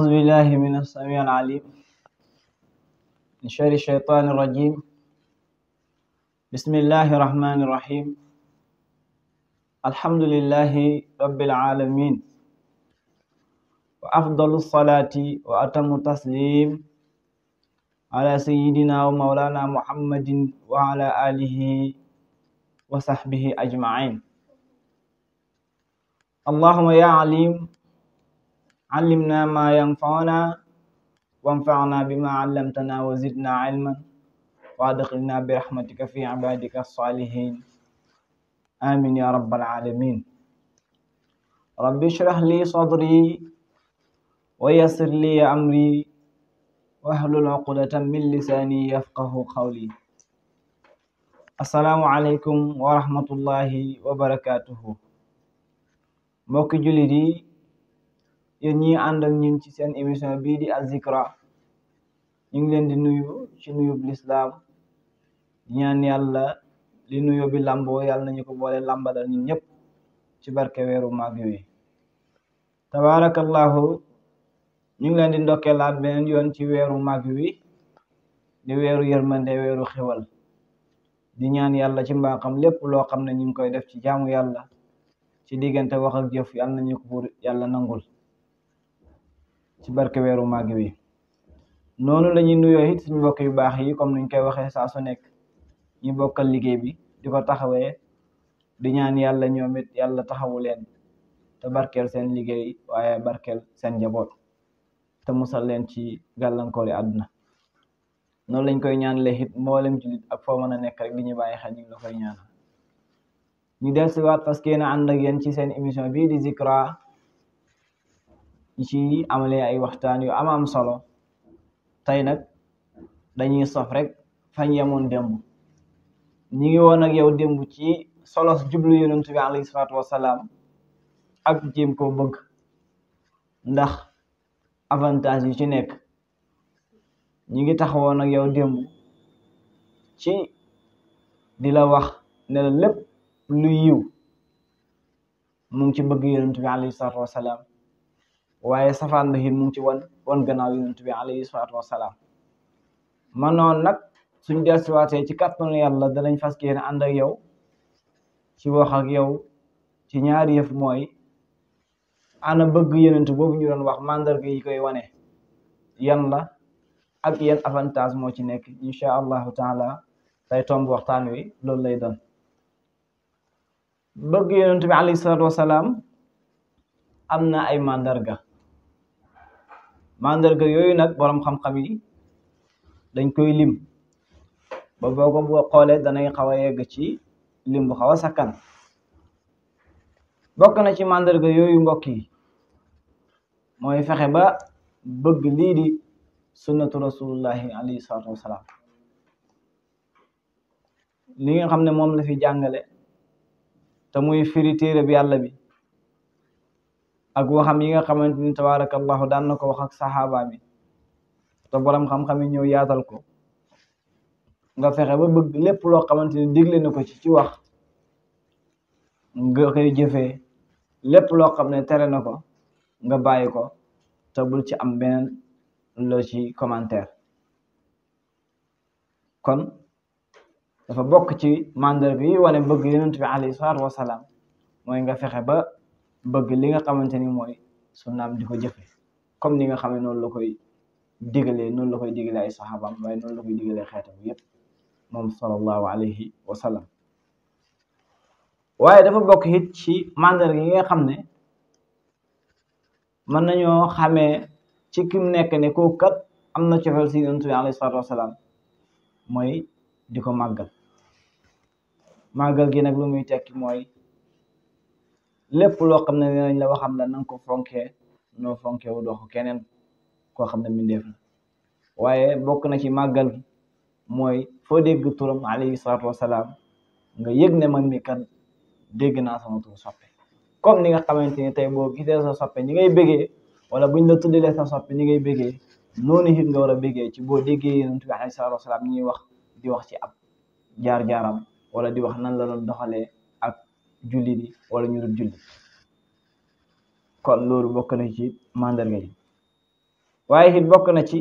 أعوذ بالله من السميع العليم من شر الشيطان الرجيم بسم الله الرحمن الرحيم الحمد لله رب العالمين وأفضل الصلاة وأتم التسليم على سيدنا ومولانا محمد وعلى آله وصحبه أجمعين اللهم يا عليم علمنا ما ينفعنا وانفعنا بما علمتنا وزدنا علما وادخلنا برحمتك في عبادك الصالحين آمين يا رب العالمين رب اشرح لي صدري ويسر لي أمري واحلل عقدة من لساني يفقه قولي asalaamu aleykum wa rahmatullahi wa barakatuhu mbokki jullit yi yéen ñi ànd ak ñun ci seen émission bii di Azikra ñu ngi leen di nuyu ci nuyub lislaam ñaan yàlla di nuyu bi làmboo yàlla nañu ko boole làmbalal ñun ñëpp ci barke weeru màgg wi tabaarakallahu ñu ngi leen di ndokkeelaat beneen yoon ci weeru màgg wi di weeru yërmande weeru xewal di ñaan yàlla ci mbaaxam lépp loo xam ne ñu ngi koy def ci jaamu yàlla ci diggante wax ak jëf yàlla nañu ko buur yàlla nangul ci barke weeru màgg wi noonu la ñuy nuyoo it suñu mbokk yu baax yi comme ñu koy waxee saa su nekk ñu bokkal liggéey bi di ko taxawee di ñaan yàlla ñoom it yàlla taxawu leen te barkeel seen liggéey waaye barkeel seen njaboot te musal leen ci gàllankoor yi àdduna noonu lañ koy ñaan le it mboolem jullit ak foo mën a nekk rek di ñu bàyyi xel ñu la koy ñaan ñu del siwaat parce que yéen a ànd ci seen émission bii di Zikra di ci amalee ay waxtaan yu ama solo tey nag dañuy sof rek fañ yemoon démb ñi ngi woon ak yow démb ci solos jublu yonent bi alayhi salaatu wasalaam ak jéem koo bëgg ndax avantage yu ci nekk ñi ngi taxawoon ak yow démb ci di la wax ne la lépp yiw mu ngi ci bëgg yonent bi alayhi salaatu wasalaam waaye safaan ba it mu ci wan wan gannaaw yonent bi alayhi salaatu wasalaam man noonu nag suñ dellusiwaatee ci kàttanu yàlla danañ fas yéene ànd ak yow ci wax ak yow ci ñaari yëf mooy ana bëgg yonent boobu ñu doon wax mandarga yi koy wane yan la ak yan avantage moo ci nekk incha allahu taala tey tomb waxtaan wi loolu lay doon bëgg yonent bi alayhi am na ay mandarga mandarga yooyu nag borom xam-xam yi dañ koy lim ba boo ko boo xoolee danay xaw a yegg ci lim bu xaw a sakkan bokk na ci mandarga yooyu mbokk yi mooy fexe ba bëgg lii di sunnatu rasulullahi alayhi salaatu wasalaam li nga xam ne moom lafi fi jàngale te muy firi téere bi yàlla bi ak waxam yi nga xamante ni tabarakallahu daan na ko wax ak saxaaba mi te borom xam-xam yi ñëw yaatal ko nga fexe ba bëgg lépp loo xamante ni digle na ko ci ci wax nga koy jëfee lépp loo xam ne tere na ko nga bàyyi ko te bul ci am beneen loo ci commentaire kon dafa bokk ci mandarga yi wane bëgg yonent bi alayhi salaatu wasalaam mooy nga fexe ba bëgg li nga xamante ni mooy sunnaam di ko jëfe comme ni nga xam ne noonu la koy digalee noonu la koy digalee ay saxaabaam waaye noonu la koy digalee xeetam yépp moom sallallahu alayhi wa sallam waaye dafa bokk it ci màndarga yi nga xam ne mën nañoo xamee ci kim nekk ne kooku kat am na cofeel si yonent bi alayhi salaatu mooy di ko màggal màggal gi nag lu muy tekki mooy lépp loo xam ne nee nañ la waxam la nanga ko fonkee noo fonkee dox keneen koo xam ne mbindeef la waaye bokk na ci màggal mooy foo dégg turam alayhi salaatu wasalaam nga yëg ne man mi kat dégg naa sama tur soppe comme ni nga xamante ni tey boo gisee sa soppe ñi ngay bégee wala buñ la tuddalee sa soppe ñi ngay bégee noonu it nga war a bégee ci boo déggee yonent bi alayhi salaatu wasalaam ñuy wax di wax ci ab jaar-jaaram wala di wax nan la doon doxalee julli di wala ñu dul julli kon loolu bokk na ci mandarga yi waaye it bokk na ci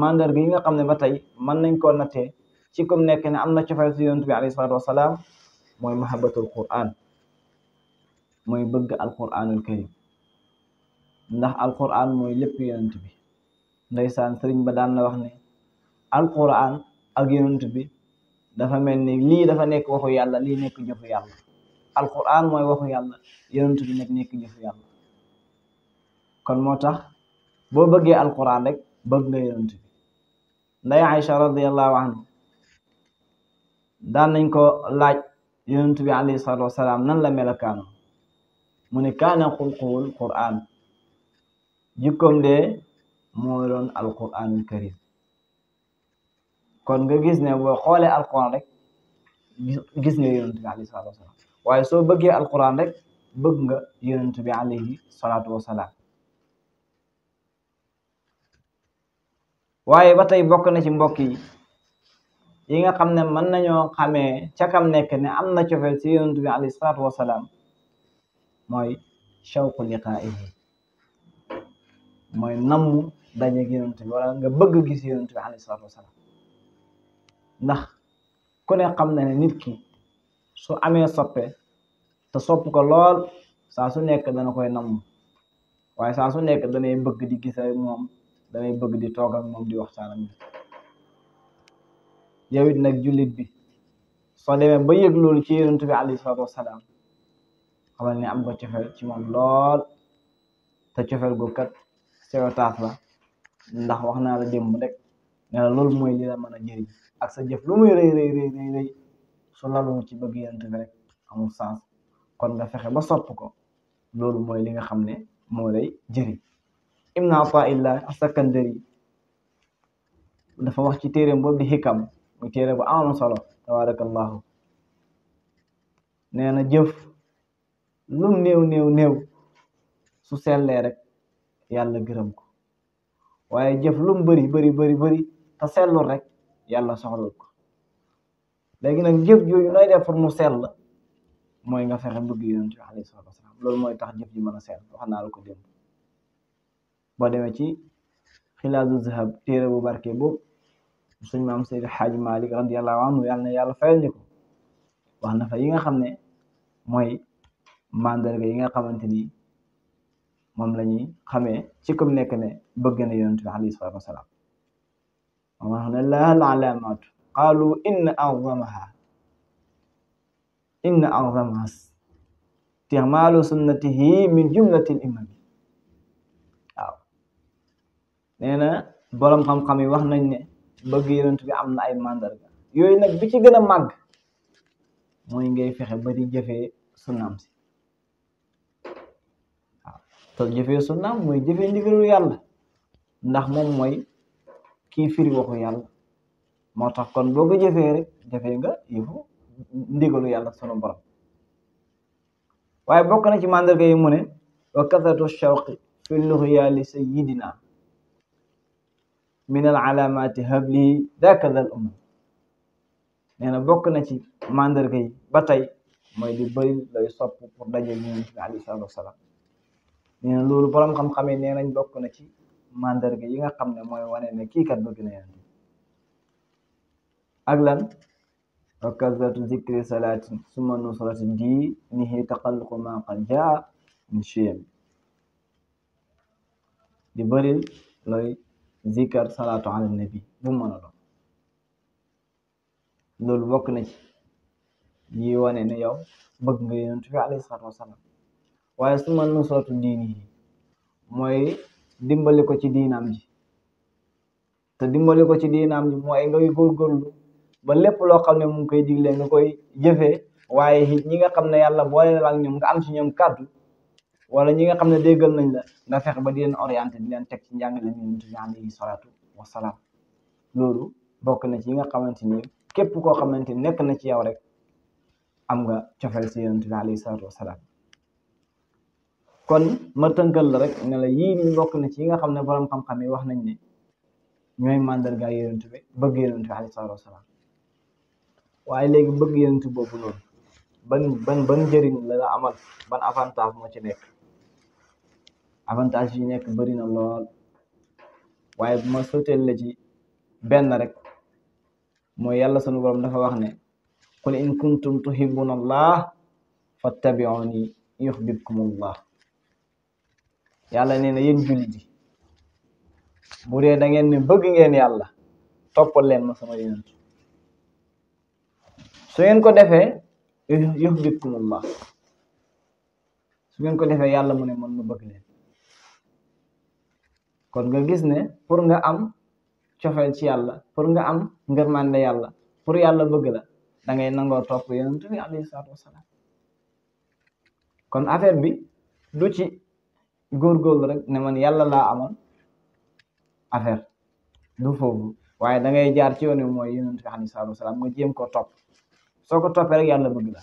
mandarga yi nga xam ne ba tey mën nañ koo nattee ci comme nekk ne am na cofeel si yonent bi alayhi salaatu mooy mahabbatul quran mooy bëgg alquranul karim ndax alquran mooy lépp yonent bi ndeysaan sëriñ ba daan na wax ne alquran ak yonent bi dafa mel ni lii dafa nekk waxu yàlla lii nekk jëfu yàlla alquran mooy waxu yàlla yonent bi nag nekk jëfu yàlla kon moo tax boo bëggee alquran rek bëgg nga yonent bi nday Aïcha radiallahu anha daan nañ ko laaj yonent bi alayhi salatu wasalaam nan la melokaano mu ne kaana xulquwul quran jikkoom de moo doon alquranul karim kon nga gis ne boo xoolee alquran rek gis nga yonent bi alayhi waaye soo bëggee alquran rek bëgg nga yonent bi alayhi salaatu wasalaam waaye ba tey bokk na ci mbokk yi yi nga xam ne mën nañoo xamee ca kam nekk ne am na cofeel ci yonent bi mooy shawqu liqaa'ihi mooy namm daje ak yonent bi nga bëgg gis yonent bi alayhi salaatu wasalaam ndax ku ne xam na ne nit ki su amee soppe te sopp ko lool saa su nekk dana koy namm waaye saa su nekk danay bëgg di gisa ak moom danay bëgg di toog ak moom di waxtaan ak moom yow it nag jullit bi soo demee ba yëg loolu ci yonent bi alayhi salaatu wasalaam xamal ne am ko cofeel ci moom lool te cofeel gu kat sew taas la ndax wax naa la démb rek nee na loolu mooy li la mën a jëriñ ak sa jëf lu muy rëy rëy rëy rëy su laloo ci bëgg yant bi rek amul sens kon nga fexe ba sopp ko loolu mooy li nga xam ne moo lay jëriñ Ibn Ataillah As-Sakandari dafa wax ci téeréem boobu di xikam muy téere bu am solo tabarakallahu nee na jëf lu néew néew néew su sellee rek yàlla gërëm ko waaye jëf lu mu bëri bëri te sellul rek yàlla soxlul ko léegi nag jëf jooju nooy de pour mu la mooy nga fexe bëgg yonent bi alayhi salaatu wasalaam loolu mooy tax jëf ji mën a sell wax naa ko démb boo demee ci xilaasu zahab téere bu barke boobu suñ maam Seydi Xaaji Malik radiyallahu anhu yàlla na yàlla fayal ñu ko wax na fa yi nga xam ne mooy mandarga yi nga xamante ni moom la ñuy xamee ci kum nekk ne bëgg na yonent bi alayhi salaatu wasalaam ومهنا لها العلامات قالوا إن أعظمها إن أعظمها استعمال سنته من جملة الإمام waaw nee na boroom xam-xam yi wax nañ ne bëgg yonent bi am na ay màndarga yooyu nag bi ci gën a màgg mooy ngay fexe ba di jëfee sunnaam si waaw te jëfee sunnaam mooy jëfee ndigalul yàlla ndax moom mooy kii firi waxu yàlla moo tax kon boo ko jëfee rek jëfee nga yëfu ndigalu yàlla sunu borom waaye bokk na ci màndarga yi mu ne wa kasratu shawqi fi luxya li sayidina min al alamati habli dakadal umma nee na bokk na ci màndarga ba tey mooy di bëri lay sopp pour daje yonent bi alayhi salaatu wasalaam loolu borom xam-xamee nee nañ bokk ci mandarga yi nga xam ne mooy wane ne kii kat bëgg na yàlla ak lan wa kasratu zikri salaatin summa nusrati diinihi taqalluqu ma qad jaa min di bëril looy zikar salaatu ala nabi bu mën a doon loolu bokk na ci yi wane ne yow bëgg nga yonent bi alayhi diinihi mooy dimbali ko ci diinaam ji te dimbali ko ci diinaam ji mooy ngay góorgóorlu ba lépp loo xam ne mu ngi koy digle nga koy jëfe waaye it ñi nga xam ne yàlla boole la ak ñoom nga am ci ñoom kàddu wala ñi nga xam ne déggal nañ la nga fexe ba di leen orienté di leen teg ci njàngale Yonent bi alayhi salaatu wasalaam loolu bokk na ci yi nga xamante ni képp koo xamante nekk na ci yow rek am nga cofeel si Yonent bi alayhi salaatu wasalaam kon ma la rek ne la yii bokk na ci yi nga xam ne borom xam-xam yi wax nañ ne ñooy mandargaay yonent bi bëgg yonent bi alayhi salaatu waaye léegi bëgg yonent boobu noonu ban ban ban la la amal ban avantage moo ci nekk avantage yi nekk bëri na lool waaye bu ma soteel la ci benn rek mooy yàlla sunu borom dafa wax ne qul in kuntum tuhibbuna allah fattabi'uni yuhbibkum allah yàlla nee na yéen jullit yi bu dee da ngeen ne bëgg ngeen yàlla toppal leen ma sama yonent su ngeen ko defee yuhbibkumullah su ngeen ko defee yàlla mu ne man ma bëgg leen kon nga gis ne pour nga am cofeel ci yàlla pour nga am ngërmande yàlla pour yàlla bëgg la da nangoo topp yonent bi alayhi wasalaam kon affaire du ci góorgóorlu rek ne man yàlla laa amal affaire du foofu waaye da ngay jaar ci yoon wi mooy yonent bi alayhi salaatu wasalaam nga jéem koo topp soo ko toppee rek yàlla bëgg la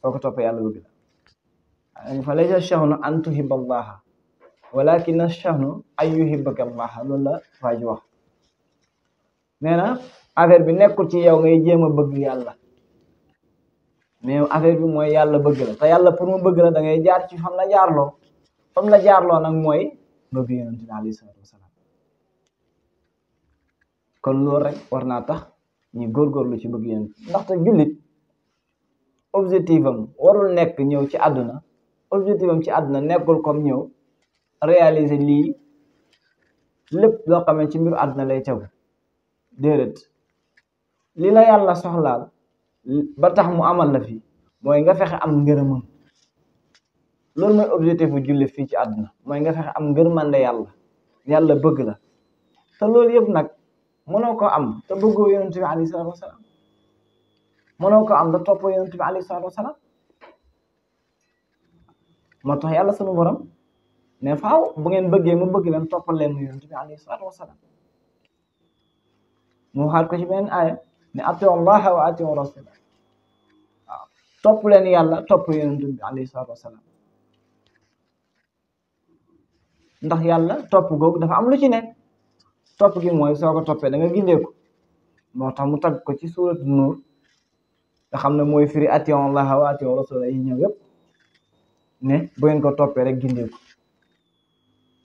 soo ko toppee yàlla bëgg la fa laysa shahnu an tuhibba allaha walakin shahnu an yuhibbaka allaha loolu la waa ji wax na affaire bi nekkul ci yow ngay jéem a bëgg yàlla mais affaire bi mooy yàlla bëgg la te yàlla pour mu bëgg la da ngay jaar ci fan la jaarloo fam la jaarloo nag mooy bëgg yonent bi alayhi salaatu wasalaam kon loolu rek war naa tax ñu góorgóorlu ci bëgg yonent ndaxte jullit objectif warul nekk ñëw ci àdduna objectif ci àdduna nekkul comme ñëw réaliser lii lépp loo xamee ci mbiru àdduna lay tegu déedéet lii la yàlla soxlaal ba tax mu amal la fi mooy nga fexe am ngërëmam loolu mooy objectif bu julli fii ci àdduna mooy nga fexe am ngërmande yàlla yàlla bëgg la te loolu yëpp nag mënoo ko am te bëggoo yonent bi alayhi salaatu wasalaam mënoo ko am te toppoo yonent bi alayhi salaatu wasalaam moo tax yàlla sunu borom ne faaw bu ngeen bëggee ma bëgg leen toppal leen yonent bi alayhi salaatu wasalaam mu waxaat ko ci beneen aaya ne wa atiu rasula topp leen yàlla topp yonent bi alayhi salaatu wasalaam ndax yàlla topp googu dafa am lu ci nekk topp gi mooy soo ko toppee da nga gindeeku moo tax mu tagg ko ci suuratu nuur nga xam ne mooy firi atiyon allaha wa atiyon rasula yi ñëw ne bu ngeen ko toppee rek gindeeku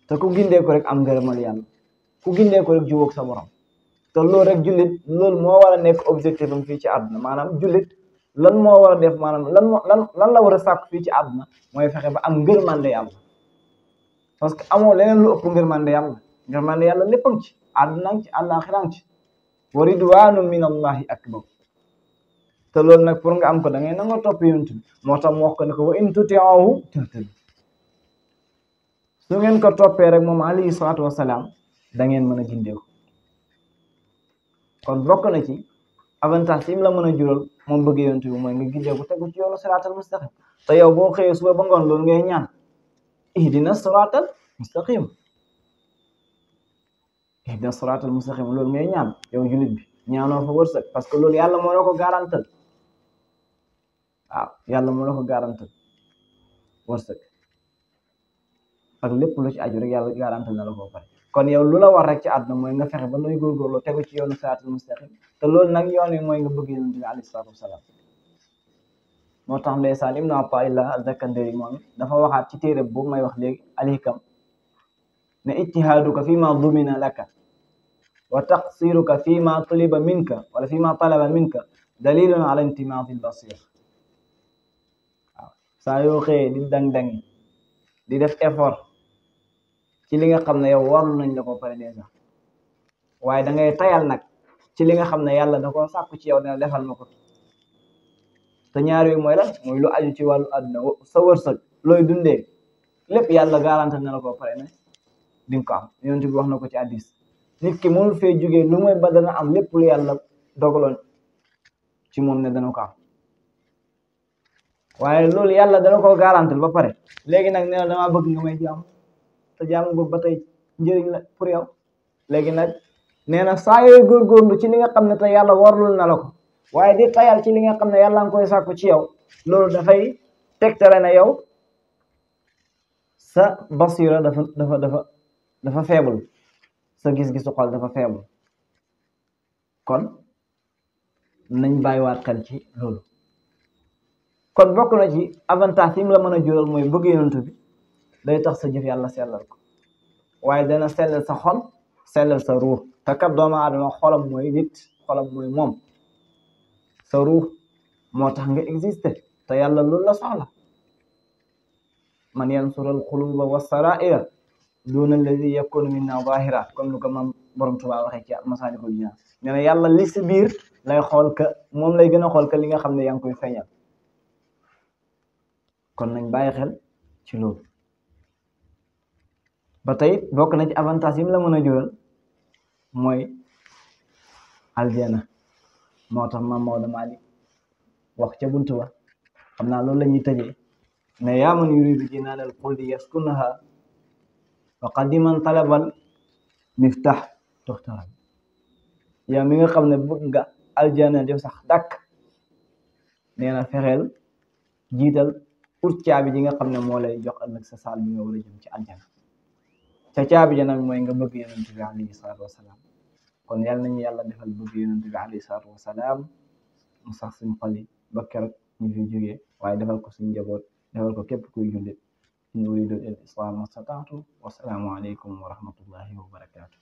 te ku gindeeku rek am ngërëmal yàlla ku gindeeku rek jubóog sa borom te loolu rek jullit loolu moo war a nekk objectif am fii ci àdduna maanaam julit lan moo war a def maanaam lan lan lan la war a sàkk fii ci àdduna mooy fexe ba am ngërmande yàlla parce que amoo leneen lu ëpp ngërmande yàlla ngërmande yàlla lépp ci àdduna ci àllaaxira ci wa ridwaanu min allahi akbar te loolu nag pour nga am ko da ngay nangoo topp yonent moo tax mu ko ne ko wa in tuti'uhu tahtadu su ngeen ko toppee rek moom alayhi salaatu wasalaam dangeen ngeen mën a gindeeku kon bokk na ci avantage yi mu la mën a jural moom bëgg yonent bi mooy nga gindeeku tegu ci yoonu siraatal mustaqim te yow boo xëyee suba ba ngoon loolu ngay ñaan ihdina siraatal mustaqim ihdina siraatal mustaqim loolu ngay ñaan yow jullit bi ñaanoo fa wërsëg parce que loolu yàlla moo la ko garantal waaw yàlla moo la ko garantal wërsëg ak lépp lu ci aju rek yàlla garantal na la ko kon yow lu la war rek ci àdduna mooy nga fexe ba nooy góorgóorlu tegu ci yoonu siraatal mustaqim te loolu nag yoon mooy nga bëgg yonent bi alayhi salaatu wasalaam moo tax ndeysaan Ibnu Ataillah Al-Zakandari moom dafa waxaat ci téere boobu may wax léegi alhikam ne ijtihaaduka fi ma dumina laka wa taqsiruka fi ma tuliba minka wala fi ma talaba minka dalilun ala intimaati al-basir waaw saa yoo di dang-dang di def effort ci li nga xam ne yow warlu nañ la ko pare déjà waaye dangay ngay tayal nag ci li nga xam ne yàlla da ko sàkku ci yow dina defal ma ko te yooyu mooy lan mooy lu aju ci wàllu àdduna sa wërsëg looy dundee lépp yàlla garanti na ko pare ne di nga ko am wax na ko ci hadiis nit ki mënul fee jugee lu ba dana am lépp lu yàlla dogaloon ci moom ne dana ko am waaye loolu yàlla dana ko garantil ba pare léegi nag nee na damaa bëgg nga may jaamu te jaamu la pour yow léegi nag nee na saa yooyu góorgóorlu ci li nga na ne te yàlla warlul na la ko waaye di tayal ci li nga xam ne yàlla nga koy sàkku ci yow loolu dafay tegtale na yow sa basira dafa dafa dafa dafa faible sa gis-gisu xol dafa faible kon nañ bàyyiwaat xel ci loolu kon bokk na ci avantage yi la mën a jural mooy bëgg yonent bi day tax sa jëf yàlla sellal ko waaye dana sellal sa xol sellal sa ruux te kat doomu aadama xolam mooy nit xolam mooy moom sa moo tax nga exister te yàlla loolu la soxla man yansural xuluba wa saraira duna alladi yakunu minna zahira comme lu ko mam borom Tuubaa waxee ci Masaalikul ko nee na yàlla li si biir lay xool ka moom lay gën a xool ka li nga xam ne yaa ngi koy feeñal kon nañ bàyyi xel ci loolu ba tey bokk na ci avantage yi la mën a jural mooy aljana moo tax maam Maodo Malick wax ca buntu ba xam naa loolu la ñuy tëjee ne yaa man yuridu jinaanal xuldi yaskunaha wa qadiman talabal miftax toxtaral yaa mi nga xam ne bëgg nga aljana def sax dàkk nee na fexeel jiital ut caabi ji nga xam ne moo lay jox ëllëg sa saal bi nga war a jëm ci aljana ca caabi janam mooy nga bëgg yonent bi alayhi salaatu wasalaam kon yàlla nañu yàlla defal bëgg yonent bi alayhi salaatu wasalaam mu sax suñ xol ba keroog ñu fi jógee waaye defal ko suñ njaboot defal ko képp kuy jullit in uridu al islam mastataatu wasalaamu aleykum wa rahmatullahi wa barakaatu